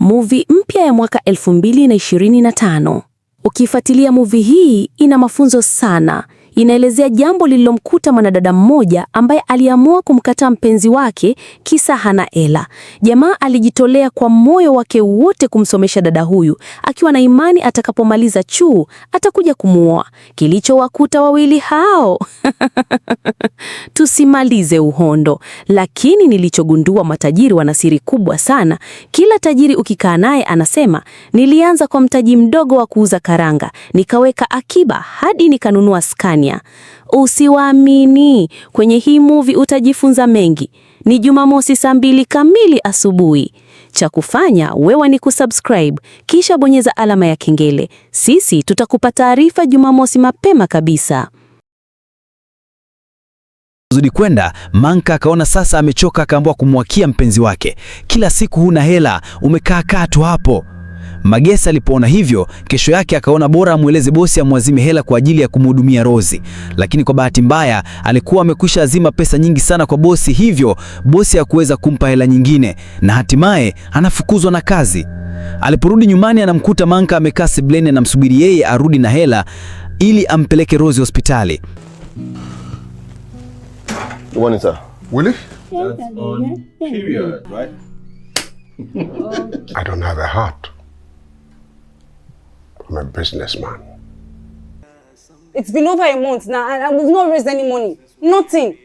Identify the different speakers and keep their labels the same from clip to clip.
Speaker 1: movie mpya ya mwaka 2025. Ukifuatilia muvi hii, ina mafunzo sana. Inaelezea jambo lililomkuta mwanadada mmoja ambaye aliamua kumkataa mpenzi wake kisa hana hela. Jamaa alijitolea kwa moyo wake wote kumsomesha dada huyu, akiwa na imani atakapomaliza chuo atakuja kumuoa. Kilichowakuta wawili hao Tusimalize uhondo, lakini nilichogundua matajiri wana siri kubwa sana. Kila tajiri ukikaa naye anasema, nilianza kwa mtaji mdogo wa kuuza karanga, nikaweka akiba hadi nikanunua Scania. Usiwaamini. Kwenye hii movie utajifunza mengi. Ni Jumamosi saa mbili kamili asubuhi. Cha kufanya wewe ni kusubscribe kisha bonyeza alama ya kengele. Sisi tutakupa taarifa Jumamosi mapema kabisa
Speaker 2: zidi kwenda Manka akaona sasa amechoka, akaamua kumwakia mpenzi wake, kila siku huna hela, umekaa kaa tu hapo. Magesa alipoona hivyo, kesho yake akaona bora amweleze bosi amwazime hela kwa ajili ya kumhudumia Rozi, lakini kwa bahati mbaya alikuwa amekwisha azima pesa nyingi sana kwa bosi, hivyo bosi hakuweza kumpa hela nyingine, na hatimaye anafukuzwa na kazi. Aliporudi nyumbani, anamkuta Manka amekaa sebleni, anamsubiri yeye arudi na hela ili ampeleke Rozi hospitali.
Speaker 3: Good morning, sir.
Speaker 4: Willie?
Speaker 5: That's on
Speaker 4: period, right?
Speaker 6: I don't have a heart. I'm a businessman.
Speaker 7: It's been over a month now and we've not raised any money. Nothing.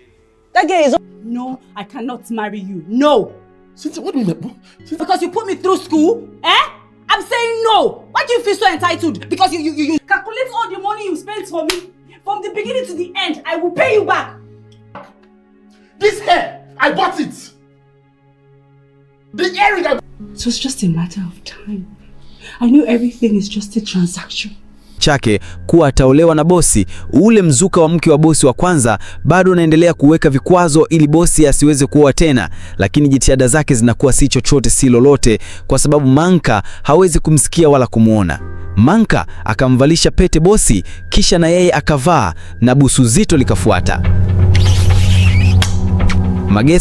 Speaker 7: That girl is...
Speaker 8: No, I cannot marry you. No!
Speaker 9: Since what do you mean?
Speaker 8: Because you put me through school, eh? I'm saying no! Why do you feel so entitled? Because you, you, you, you calculate all the money you spent for me. From the beginning to the end, I will pay you back.
Speaker 9: This hair, I bought it. The earring I...
Speaker 10: So it's just a matter of time. I knew everything is just a transaction.
Speaker 2: Chake kuwa ataolewa na bosi. Ule mzuka wa mke wa bosi wa kwanza bado unaendelea kuweka vikwazo ili bosi asiweze kuoa tena, lakini jitihada zake zinakuwa si chochote si lolote, kwa sababu Manka hawezi kumsikia wala kumwona. Manka akamvalisha pete bosi, kisha na yeye akavaa na busu zito likafuata. Maguez.